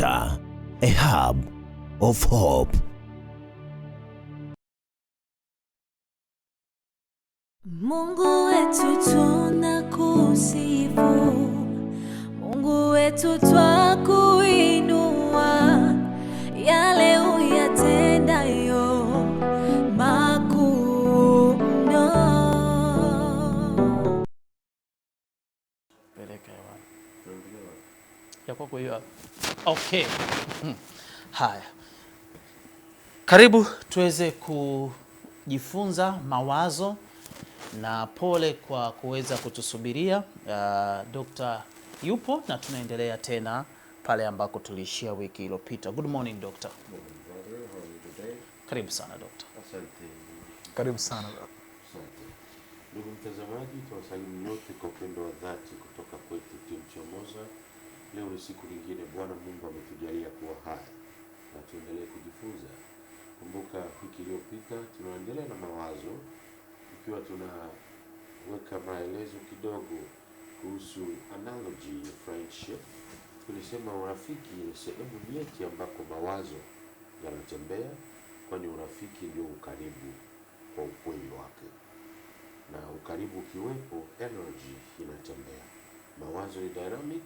a hub of hope. kwa kuiona. Okay. Hmm. Haya, karibu tuweze kujifunza mawazo na pole kwa kuweza kutusubiria. Uh, Dr. yupo na tunaendelea tena pale ambako tuliishia wiki iliyopita. Good morning Dokta. Karibu sana Dokta. Asante. Karibu sana Asante. Ndugu mtazamaji, tuwasalimu nyote kwa upendo wa dhati kutoka kwetu timu Chomoza Leo ni siku nyingine Bwana Mungu ametujalia kuwa hai na tuendelee kujifunza. Kumbuka wiki iliyopita tunaendelea na mawazo, ikiwa tunaweka maelezo kidogo kuhusu analogy ya friendship. Tulisema urafiki ni sehemu nyeti ambako mawazo yanatembea, kwani urafiki ndio ukaribu kwa ukweli wake, na ukaribu ukiwepo, energy inatembea. Mawazo ni dynamic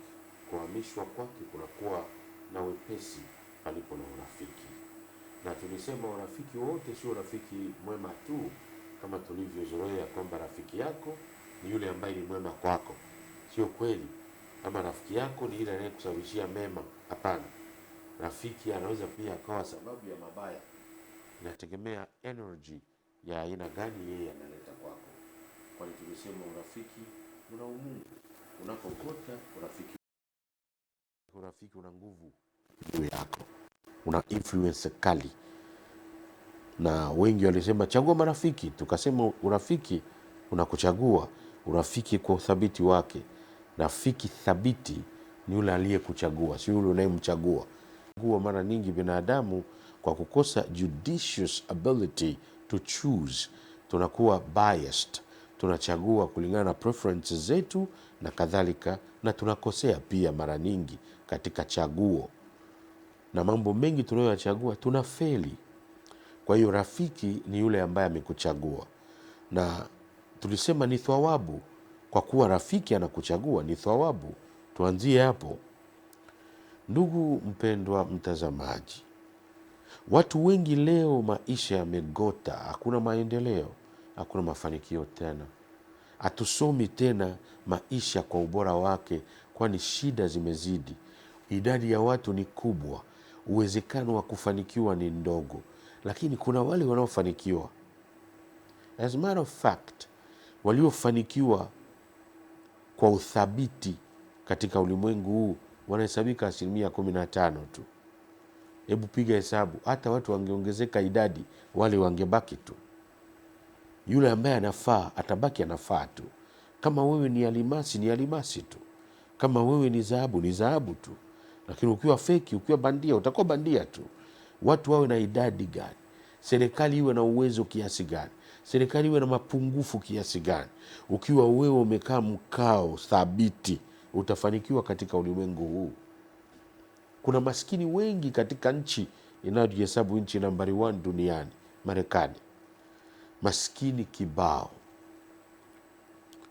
kuhamishwa kwake kunakuwa na wepesi palipo na urafiki. Na tulisema urafiki wote sio urafiki mwema tu kama tulivyozoea kwamba rafiki yako ni yule ambaye ni mwema kwako. Sio kweli, ama rafiki yako ni ile anayekusababishia mema. Hapana, rafiki anaweza pia akawa sababu ya mabaya. Inategemea energy ya aina gani yeye analeta kwako, kwani tulisema urafiki una umungu, unapokota urafiki Urafiki una nguvu juu yako, una influence kali, na wengi walisema chagua marafiki, tukasema urafiki unakuchagua. Urafiki kwa uthabiti wake, rafiki thabiti ni yule aliyekuchagua, si yule unayemchagua. Mara nyingi binadamu kwa kukosa judicious ability to choose, tunakuwa biased, tunachagua kulingana na preferences zetu na kadhalika, na tunakosea pia mara nyingi katika chaguo na mambo mengi tunayoyachagua tunafeli. Kwa hiyo rafiki ni yule ambaye amekuchagua, na tulisema ni thawabu, kwa kuwa rafiki anakuchagua ni thawabu. Tuanzie hapo. Ndugu mpendwa mtazamaji, watu wengi leo maisha yamegota, hakuna maendeleo, hakuna mafanikio tena. Hatusomi tena maisha kwa ubora wake, kwani shida zimezidi, idadi ya watu ni kubwa, uwezekano wa kufanikiwa ni ndogo, lakini kuna wale wanaofanikiwa. As a matter of fact, waliofanikiwa kwa uthabiti katika ulimwengu huu wanahesabika asilimia kumi na tano tu. Hebu piga hesabu, hata watu wangeongezeka idadi, wale wangebaki tu. Yule ambaye anafaa atabaki anafaa tu. Kama wewe ni alimasi, ni alimasi tu. Kama wewe ni dhahabu, ni dhahabu tu. Lakini ukiwa feki, ukiwa bandia, utakuwa bandia tu. Watu wawe na idadi gani? Serikali iwe na uwezo kiasi gani? Serikali iwe na mapungufu kiasi gani? Ukiwa wewe umekaa mkao thabiti, utafanikiwa katika ulimwengu huu. Kuna maskini wengi katika nchi inayojihesabu nchi nambari 1 duniani, Marekani maskini kibao.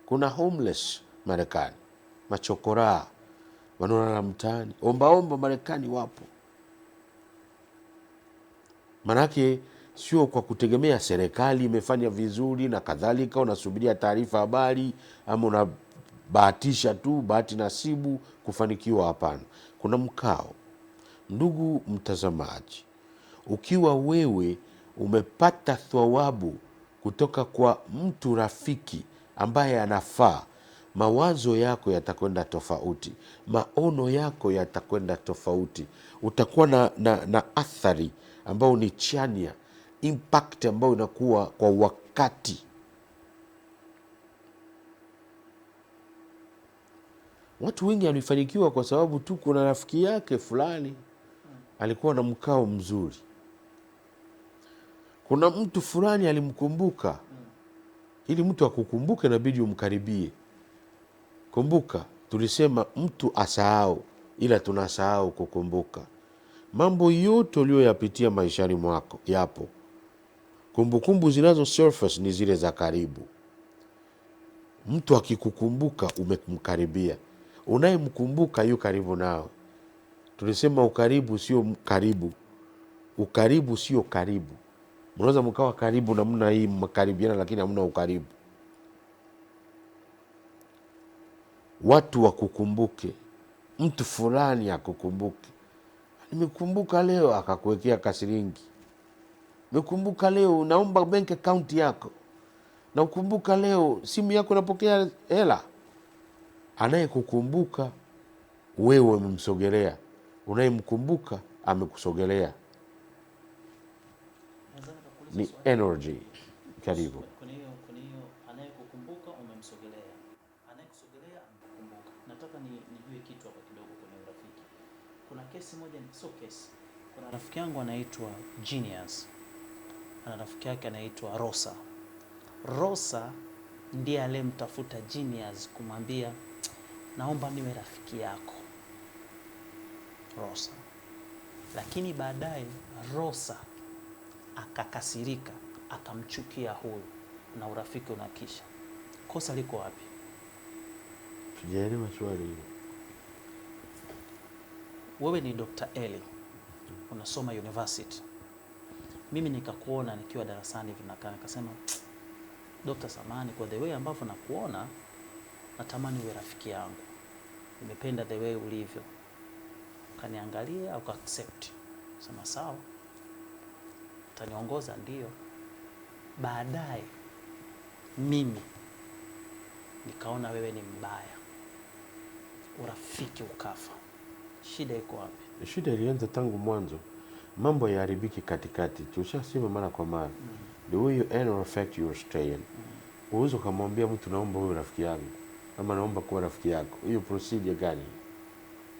Kuna homeless Marekani, machokoraa wanaolala mtaani, ombaomba Marekani wapo. Manake sio kwa kutegemea serikali imefanya vizuri na kadhalika, unasubiria taarifa habari ama unabahatisha tu bahati nasibu kufanikiwa. Hapana, kuna mkao. Ndugu mtazamaji, ukiwa wewe umepata thawabu kutoka kwa mtu rafiki ambaye anafaa, mawazo yako yatakwenda tofauti, maono yako yatakwenda tofauti, utakuwa na, na, na athari ambayo ni chania impact ambayo inakuwa kwa wakati. Watu wengi alifanikiwa kwa sababu tu kuna rafiki yake fulani alikuwa na mkao mzuri kuna mtu fulani alimkumbuka. Ili mtu akukumbuke, nabidi umkaribie. Kumbuka tulisema mtu asahau, ila tunasahau kukumbuka. Mambo yote uliyoyapitia maishani mwako yapo, kumbukumbu zinazo surface ni zile za karibu. Mtu akikukumbuka, umemkaribia. Unayemkumbuka yu karibu nao. Tulisema ukaribu sio karibu, ukaribu sio karibu mnaweza mkawa karibu namna hii, mkaribiana, lakini hamna ukaribu. Watu wakukumbuke, mtu fulani akukumbuke. Nimekumbuka leo, akakuwekea kasiringi. Nimekumbuka leo, naomba bank account yako. Nakumbuka leo, simu yako inapokea hela. Anayekukumbuka wewe umemsogelea, unayemkumbuka amekusogelea ni energy. Karibu. Kuna kesi moja, sio kesi. Kuna rafiki yangu anaitwa Genius, ana rafiki yake anaitwa Rosa. Rosa ndiye aliyemtafuta Genius kumwambia naomba niwe rafiki yako Rosa, lakini baadaye Rosa akakasirika, akamchukia huyu na urafiki unakisha. Kosa liko wapi? Tujaelewa maswali hiyo. Wewe ni Dr. Eli unasoma university, mimi nikakuona nikiwa darasani vinakaa, nikasema Dr. Samani, kwa the way ambavyo nakuona natamani uwe rafiki yangu, nimependa the way ulivyo. Ukaniangalia uka accept, sema sawa utaniongoza ndio, baadaye mimi nikaona wewe ni mbaya, urafiki ukafa. Shida iko wapi? Shida ilianza tangu mwanzo, mambo yaharibiki katikati. Tushasema mara kwa mara ni huyu uwezi ukamwambia mtu naomba huyu rafiki yangu ama naomba kuwa rafiki yako. Hiyo procedure gani?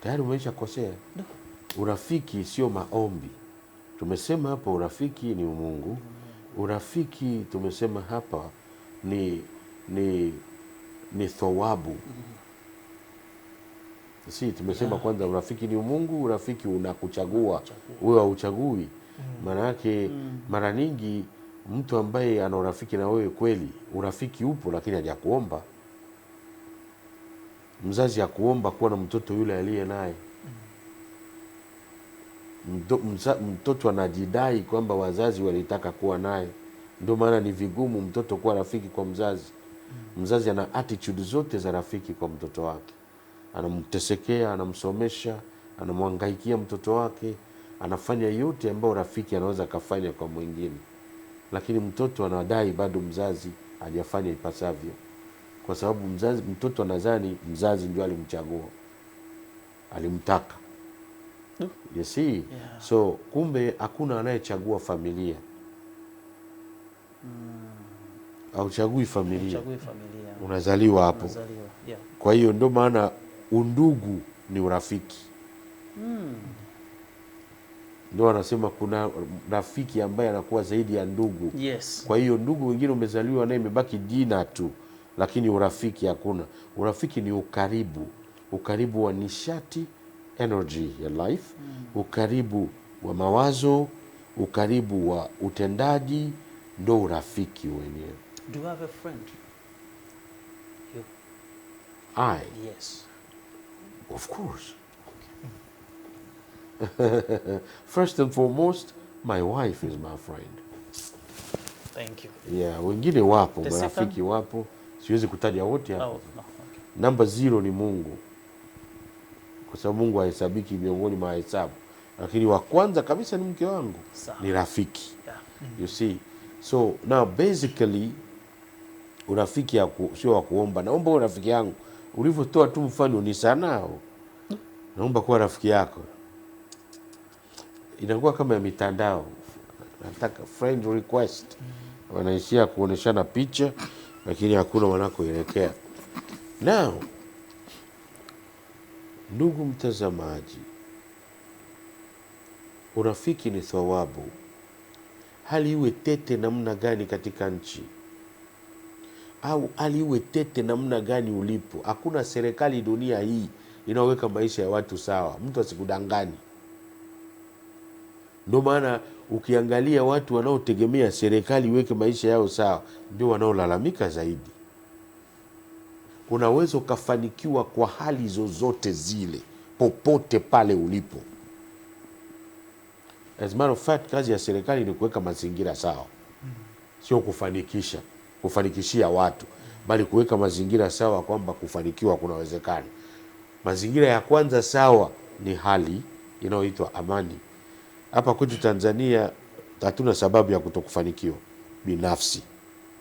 Tayari umeisha kosea. Urafiki sio maombi. Tumesema hapa urafiki ni umungu. Urafiki tumesema hapa ni ni ni thawabu, si tumesema yeah. Kwanza urafiki ni umungu, urafiki unakuchagua wewe, hauchagui mm-hmm. maana yake mm. Mara nyingi mtu ambaye ana urafiki na wewe kweli, urafiki upo, lakini hajakuomba. Mzazi akuomba kuwa na mtoto yule aliye naye mtoto anajidai kwamba wazazi walitaka kuwa naye. Ndio maana ni vigumu mtoto kuwa rafiki kwa mzazi. Mzazi ana attitude zote za rafiki kwa mtoto wake, anamtesekea, anamsomesha, anamwangaikia mtoto wake, anafanya yote ambayo rafiki anaweza akafanya kwa mwingine, lakini mtoto anadai bado mzazi hajafanya ipasavyo, kwa sababu mzazi, mtoto anadhani mzazi ndio alimchagua, alimtaka You see? Yeah. So kumbe hakuna anayechagua familia mm. Auchagui familia, familia. Unazaliwa hapo Yeah. Kwa hiyo ndo maana undugu ni urafiki mm. Ndio anasema kuna rafiki ambaye anakuwa zaidi ya ndugu yes. Kwa hiyo ndugu wengine umezaliwa naye imebaki jina tu, lakini urafiki hakuna. Urafiki ni ukaribu, ukaribu wa nishati energy ya life mm. Ukaribu wa mawazo, ukaribu wa utendaji ndo urafiki wenyewe. Do you have a friend? You. I? Yes. Of course. Okay. First and foremost, my wife is my friend. Thank you. Yeah, wengine wapo, marafiki wapo, siwezi kutaja wote hapo. oh, no. okay. number zero ni Mungu kwa sababu Mungu hahesabiki miongoni mwa hesabu, lakini wa kwanza kabisa ni mke wangu ni rafiki yeah. you see so now basically urafiki sio wa kuomba, naomba rafiki yangu ulivyotoa tu mfano ni sanao, naomba kuwa rafiki yako, inakuwa kama ya mitandao, nataka friend request wanaishia kuoneshana picha, lakini hakuna wanakoelekea now Ndugu mtazamaji, urafiki ni thawabu, hali iwe tete namna gani katika nchi au hali iwe tete namna gani ulipo. Hakuna serikali dunia hii inaoweka maisha ya watu sawa, mtu asikudangani. Ndio maana ukiangalia watu wanaotegemea serikali iweke maisha yao sawa ndio wanaolalamika zaidi unaweza ukafanikiwa kwa hali zozote zile, popote pale ulipo. As matter of fact, kazi ya serikali ni kuweka mazingira sawa, sio kufanikisha kufanikishia watu, bali kuweka mazingira sawa kwamba kufanikiwa kunawezekana. Mazingira ya kwanza sawa ni hali inayoitwa amani. Hapa kwetu Tanzania hatuna sababu ya kutokufanikiwa binafsi,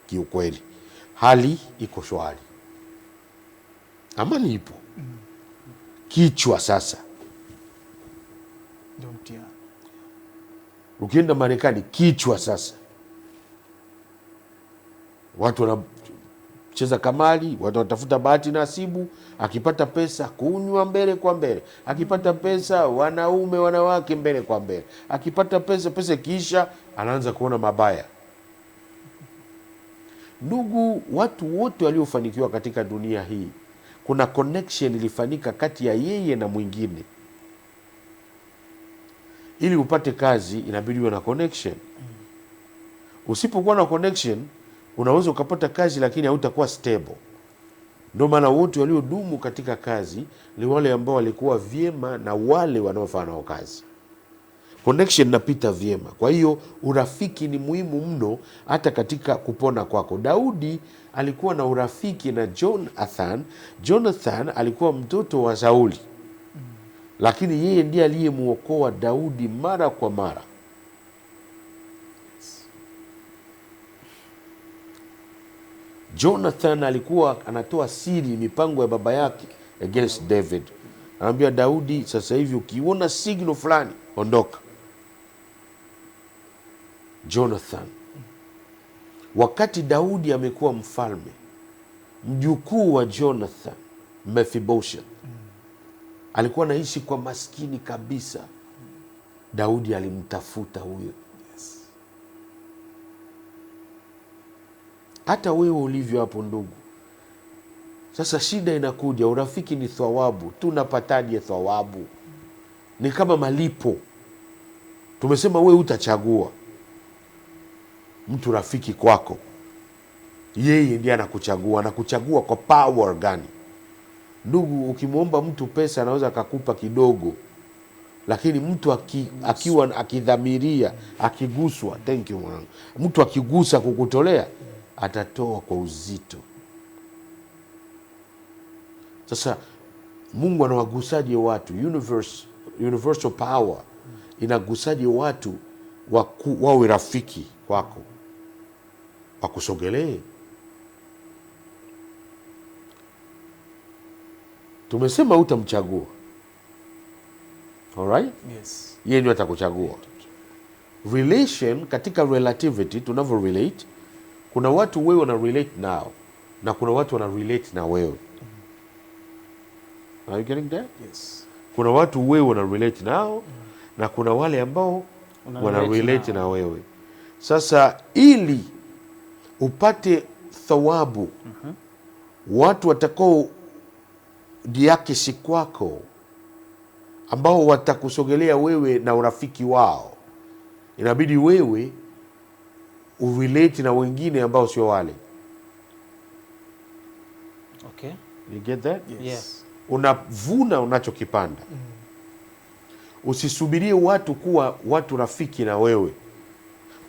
kiukweli hali iko shwari amani ipo mm. Kichwa sasa, ukienda Marekani kichwa sasa, watu wanacheza kamari, watu wanatafuta bahati nasibu, akipata pesa kunywa mbele kwa mbele, akipata pesa wanaume wanawake mbele kwa mbele, akipata pesa, pesa ikiisha anaanza kuona mabaya. Ndugu, watu wote waliofanikiwa katika dunia hii kuna connection ilifanyika kati ya yeye na mwingine. Ili upate kazi inabidi uwe na connection. Usipokuwa na connection, unaweza ukapata kazi lakini hautakuwa stable. Ndio maana wote waliodumu katika kazi ni wale ambao walikuwa vyema na wale wanaofanya nao kazi, connection napita vyema. Kwa hiyo urafiki ni muhimu mno, hata katika kupona kwako. Daudi alikuwa na urafiki na Jonathan. Jonathan alikuwa mtoto wa Sauli, lakini yeye ndiye aliyemwokoa Daudi mara kwa mara. Jonathan alikuwa anatoa siri mipango ya baba yake against David. Anaambia Daudi, sasa hivi ukiona signal fulani, ondoka. Jonathan Wakati Daudi amekuwa mfalme, mjukuu wa Jonathan Mefibosha mm. alikuwa anaishi kwa maskini kabisa. Daudi alimtafuta huyo. Hata wewe ulivyo hapo, ndugu. Sasa shida inakuja, urafiki ni thawabu. Tunapataje thawabu? Ni kama malipo. Tumesema wewe utachagua mtu rafiki kwako, yeye ndiye anakuchagua. Anakuchagua kwa power gani? Ndugu, ukimwomba mtu pesa anaweza akakupa kidogo, lakini mtu aki, akiwa akidhamiria, akiguswa, thank you mwanangu, mtu akigusa kukutolea atatoa kwa uzito. Sasa Mungu anawagusaje watu? Universe, universal power inagusaje watu wawe rafiki kwako? akusogelee. Tumesema utamchagua, alright? Yes. Yeye ndio atakuchagua. Relation katika relativity, tunavyo relate, kuna watu wewe wana relate nao na kuna watu wana relate na wewe. Are you getting that? Yes. Kuna watu wewe wana relate nao mm -hmm. na kuna wale ambao wana relate na wewe. Sasa ili upate thawabu mm -hmm. watu watakao diakisi kwako ambao watakusogelea wewe na urafiki wao, inabidi wewe uvileti na wengine ambao sio wale. Okay. You get that? Yes. Yeah. Unavuna unachokipanda. mm -hmm. Usisubirie watu kuwa watu rafiki na wewe,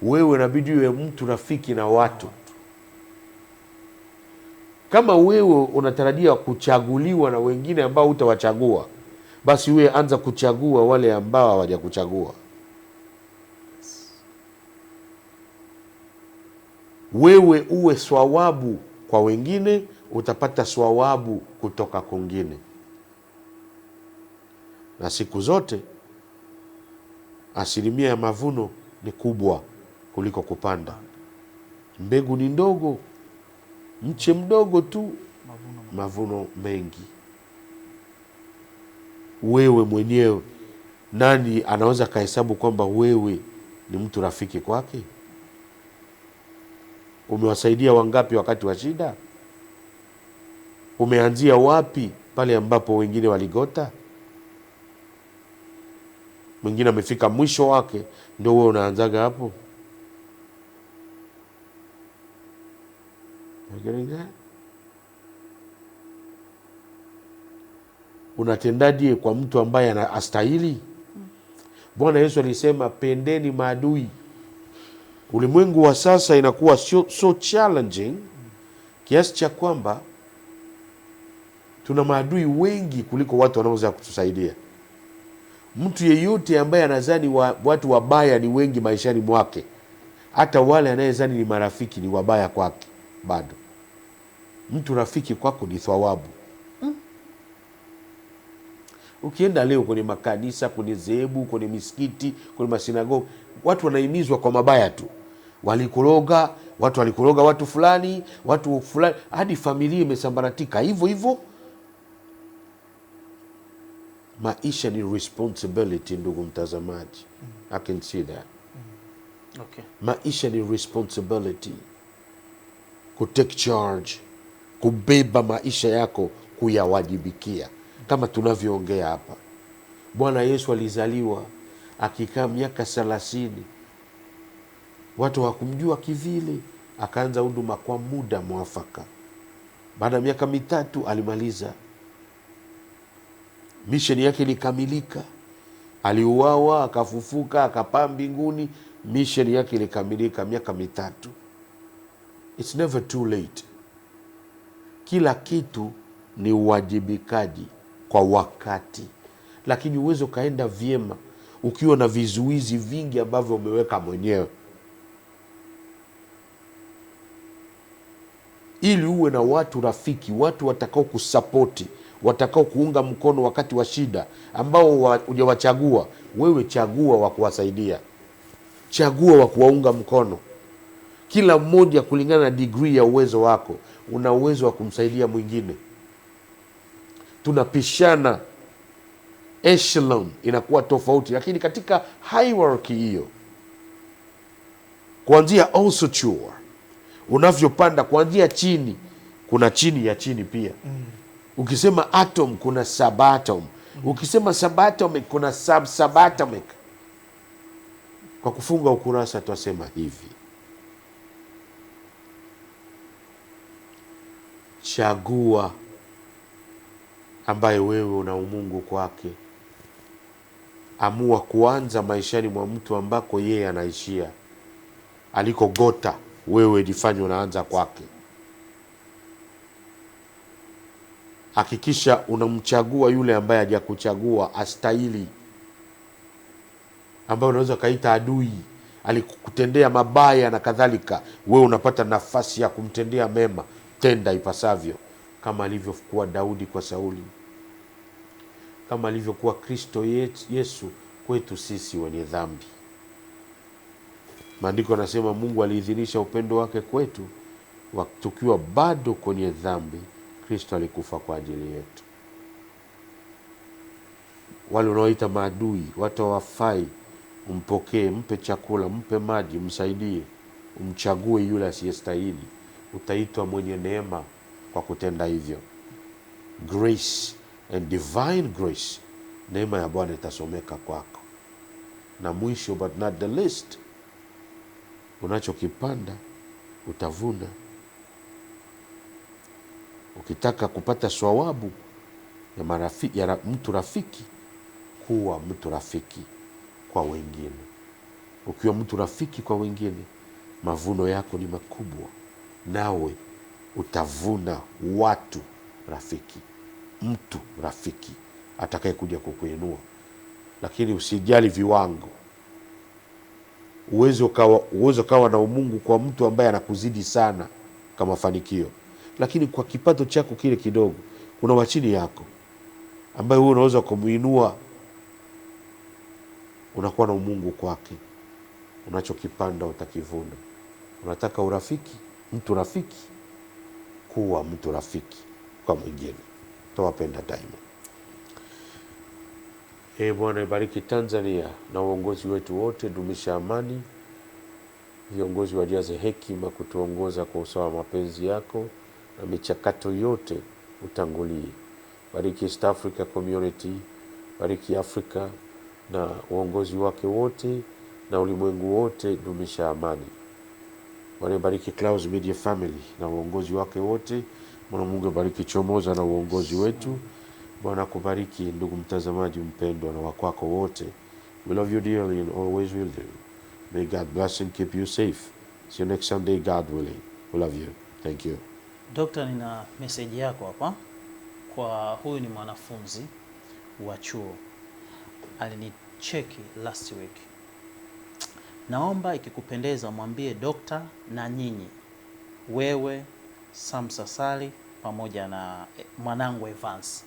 wewe inabidi uwe mtu rafiki na watu. Kama wewe unatarajia kuchaguliwa na wengine ambao utawachagua basi wewe anza kuchagua wale ambao hawajakuchagua. Wewe uwe swawabu kwa wengine, utapata swawabu kutoka kwingine. Na siku zote asilimia ya mavuno ni kubwa kuliko kupanda. Mbegu ni ndogo mche mdogo tu mavuno, mavuno mengi. Wewe mwenyewe nani anaweza kahesabu kwamba wewe ni mtu rafiki kwake? Umewasaidia wangapi wakati wa shida? Umeanzia wapi pale ambapo wengine waligota? Mwingine amefika mwisho wake, ndio wewe unaanzaga hapo. Are you getting that? Unatendaje kwa mtu ambaye astahili? Bwana Yesu alisema pendeni maadui. Ulimwengu wa sasa inakuwa so, so challenging kiasi cha kwamba tuna maadui wengi kuliko watu wanaoweza kutusaidia. Mtu yeyote ambaye anazani wa, watu wabaya ni wengi maishani mwake, hata wale anayezani ni marafiki ni wabaya kwake bado mtu rafiki kwako ni thawabu Ukienda leo kwenye makanisa, kwenye zehebu, kwenye misikiti, kwenye masinagogi, watu wanahimizwa kwa mabaya tu, walikoroga watu, walikoroga watu fulani, watu fulani, hadi familia imesambaratika hivyo hivyo. Maisha ni responsibility, ndugu mtazamaji. I can see that. Okay. Maisha ni responsibility, ku take charge kubeba maisha yako kuyawajibikia. Kama tunavyoongea hapa, Bwana Yesu alizaliwa akikaa miaka thelathini, watu hawakumjua kivile, akaanza huduma kwa muda mwafaka. Baada ya miaka mitatu alimaliza misheni yake, ilikamilika. Aliuawa, akafufuka, akapaa mbinguni. Misheni yake ilikamilika, miaka mitatu. It's never too late. Kila kitu ni uwajibikaji kwa wakati, lakini uwezi ukaenda vyema ukiwa na vizuizi vingi ambavyo umeweka mwenyewe. Ili uwe na watu rafiki, watu watakao kusapoti, watakao kuunga mkono wakati wa shida, ambao hujawachagua wewe, chagua wa kuwasaidia, chagua wa kuwaunga mkono, kila mmoja kulingana na digrii ya uwezo wako una uwezo wa kumsaidia mwingine. Tunapishana, echelon inakuwa tofauti, lakini katika hierarchy hiyo, kuanzia onsuchua unavyopanda, kuanzia chini, kuna chini ya chini pia. Mm. Ukisema atom kuna subatom, mm. ukisema subatomic kuna subsubatomic. Kwa kufunga ukurasa, twasema hivi chagua ambaye wewe una umungu kwake. Amua kuanza maishani mwa mtu ambako yeye anaishia, alikogota wewe jifanye unaanza kwake. Hakikisha unamchagua yule ambaye hajakuchagua astahili, ambayo unaweza ukaita adui, alikutendea mabaya na kadhalika, wewe unapata nafasi ya kumtendea mema kutenda ipasavyo, kama alivyokuwa Daudi kwa Sauli, kama alivyokuwa Kristo Yesu kwetu sisi wenye dhambi. Maandiko anasema Mungu aliidhinisha upendo wake kwetu tukiwa bado kwenye dhambi, Kristo alikufa kwa ajili yetu. Wale unaoita maadui, watu awafai umpokee, mpe chakula, mpe maji, msaidie, umchague yule asiyestahili utaitwa mwenye neema kwa kutenda hivyo. Grace and divine grace, neema ya Bwana itasomeka kwako. Na mwisho but not the least, unachokipanda utavuna. Ukitaka kupata swawabu ya, marafi, ya mtu rafiki, kuwa mtu rafiki kwa wengine. Ukiwa mtu rafiki kwa wengine, mavuno yako ni makubwa nawe utavuna watu rafiki, mtu rafiki kuja kukuinua. Lakini usijali viwango. Uwezo kawa, uwezo kawa na umungu kwa mtu ambaye anakuzidi sana kwa mafanikio, lakini kwa kipato chako kile kidogo, kuna wachini yako ambaye wewe unaweza kumuinua, unakuwa na umungu kwake. Unachokipanda utakivuna. Unataka urafiki mtu rafiki kuwa mtu rafiki kwa mwingine. Tawapenda daima. E Bwana, ibariki Tanzania na uongozi wetu wote, dumisha amani. Viongozi wajaze hekima kutuongoza kwa usawa wa mapenzi yako, na michakato yote utangulie. Bariki East Africa Community, bariki Afrika na uongozi wake wote na ulimwengu wote, dumisha amani waliobariki Clouds Media Family na uongozi wake wote. Bwana Mungu abariki Chomoza na uongozi wetu. Bwana kubariki ndugu mtazamaji mpendwa na wakwako wote. We love you dearly and always will do. May God bless and keep you safe. See you next Sunday, God willing. We love you. Thank you. Dokta, nina meseji yako hapa kwa huyu. Ni mwanafunzi wa chuo alinicheki last week Naomba ikikupendeza mwambie Dokta na nyinyi, wewe Samsa Sali pamoja na eh, mwanangu Evans.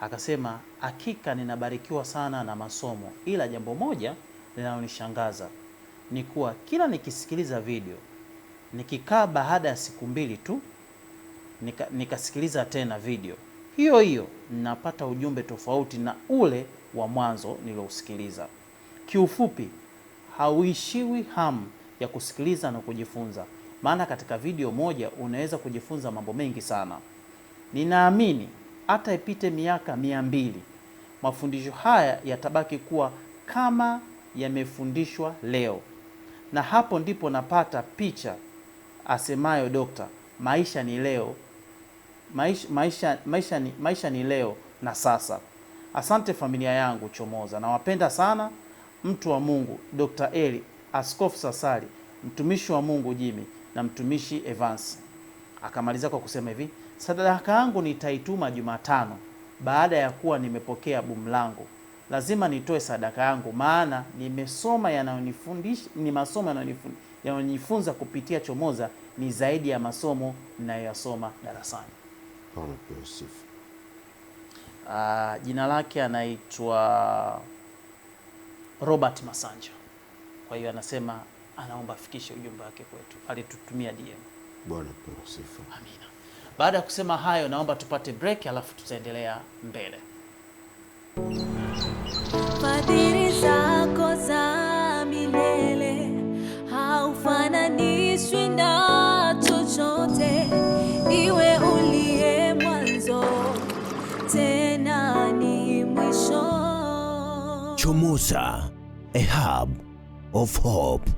Akasema hakika ninabarikiwa sana na masomo, ila jambo moja linalonishangaza ni kuwa kila nikisikiliza video nikikaa baada ya siku mbili tu nika, nikasikiliza tena video hiyo hiyo napata ujumbe tofauti na ule wa mwanzo nilousikiliza. Kiufupi hauishiwi hamu ya kusikiliza na kujifunza, maana katika video moja unaweza kujifunza mambo mengi sana. Ninaamini hata ipite miaka mia mbili mafundisho haya yatabaki kuwa kama yamefundishwa leo, na hapo ndipo napata picha asemayo dokta, maisha ni leo maisha, maisha, maisha, ni, maisha ni leo na sasa. Asante familia yangu Chomoza, nawapenda sana mtu wa Mungu Dr. Eli, Askofu Sasali, mtumishi wa Mungu Jimmy na mtumishi Evans. Akamaliza kwa kusema hivi, sadaka yangu nitaituma Jumatano baada ya kuwa nimepokea bumlangu langu. Lazima nitoe sadaka yangu, maana nimesoma yanayonifundisha ni masomo yanayonifundisha yanayonifunza kupitia Chomoza ni zaidi ya masomo ninayoyasoma darasani. Uh, jina lake anaitwa Robert Masanja. Kwa hiyo anasema anaomba afikishe ujumbe wake kwetu, alitutumia DM. Bwana pewa sifa. Amina. Baada ya kusema hayo, naomba tupate break, alafu tutaendelea mbele. Fadhili zako za milele haufananishwi na chochote, iwe uliye mwanzo tena ni mwisho. Chomoza a hub of hope.